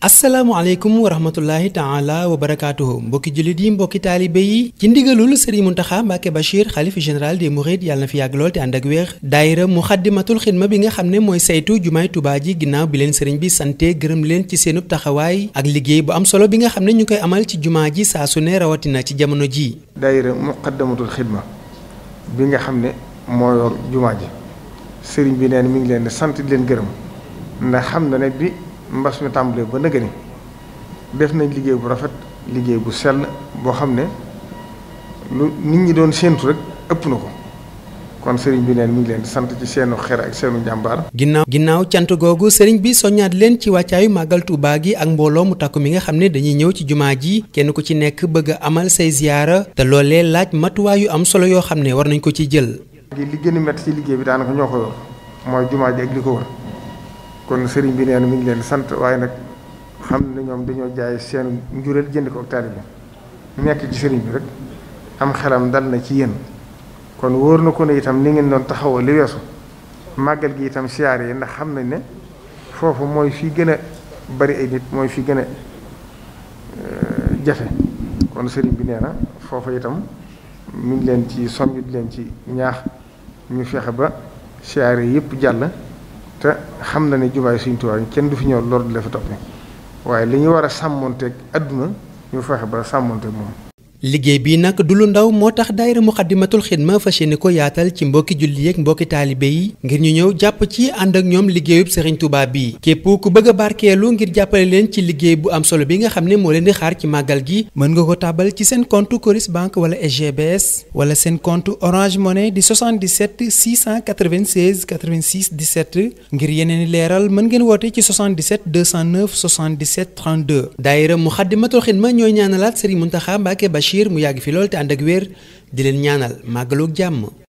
asalaamaaleykum wa rahmatullahi taala wa barakaatuhu mbokki jullit yi mbokki taalibe yi ci ndigalul sëriñ Muntaxa Mbàkke Bachir xalif général des mourides yàlla na fi ak lool te ànd ak wéex daayira muxaddimatul xidma bi nga xam ne mooy saytu jumaay Tuubaa ji ginnaaw bi leen sëriñ bi sante gërëm leen ci seenub taxawaay ak liggéey bu am solo bi nga xam ne ñu koy amal ci jumaa ji saa su ne rawatina ci jamono jii daayira muxaddimatul xidma bi nga xam ne moo yor jumaa ji sëriñ bi neen mu ngi leen sant leen gërëm ndax xam na ne bi mbas mi tàmbalee ba nëgë def nañ liggéey bu rafet liggéey bu sell boo xam ne lu nit ñi doon séentu rek ëpp na ko kon sëriñ bi neen mi ngi leen sant ci seenu xer ak seenu jàmbaar. ginnaaw cant googu sëriñ bi soññaat leen ci wàccaayu màggal Tuuba gi ak mbooloo mu takku mi nga xam ne dañuy ñëw ci jumaa ji kenn ku ci nekk bëgg a amal say ziyaara te loolee laaj matuwaay yu am solo yoo xam ne war nañ ko ci jël. li gën a métti ci liggéey bi daanaka ñoo ko yor jumaa ji ko wër kon sëriñ bi nee na mi ngi leen sant waaye nag xam ne ñoom dañoo jaay seen njureel jënd ko ak taalibe nekk ci sëriñ bi rek am xelam dal na ci yéen kon wóor na ko ne itam ni ngeen doon taxawoo li weesu màggal gi itam siyaar yi ndax xam na ne foofu mooy fi gën a bari ay nit mooy fi gën a euh, jafe kon sëriñ bi nee na foofu itam mu ngi leen ci soññ leen ci ñaax ñu fexe ba siyaar yi yëpp jàll te xam na ne jubaay Sëriñ Tuubaa kenn du fi ñëw loolu di la waaye li ñu war a sàmmonteeg àdduna ñu fexe ba sàmmonteeg moom liggéey bi nag du lu ndaw moo tax daayira muxaddamatul xidma fas yéene ko yaatal ci mbokki julli yeeg mbokki taalibe yi ngir ñu ñëw jàpp ci ànd ak ñoom liggéeyub Serigne tubaab bi képp ku bëgg a barkeelu ngir jàppale leen ci liggéey bu am solo bi nga xam ne moo leen di xaar ci màggal gi mën nga ko tàbbal ci seen conte Coris Bank wala SGBS wala seen conte Orange Money di 77 696 86 17 ngir yeneen leeral mën ngeen woote ci 77 209 77 32 daayira muxaddamatul xidma ñooy ñaanalaat siir mu yàgg fi lool te ànd ak wér di leen ñaanal màggaloog jàmm.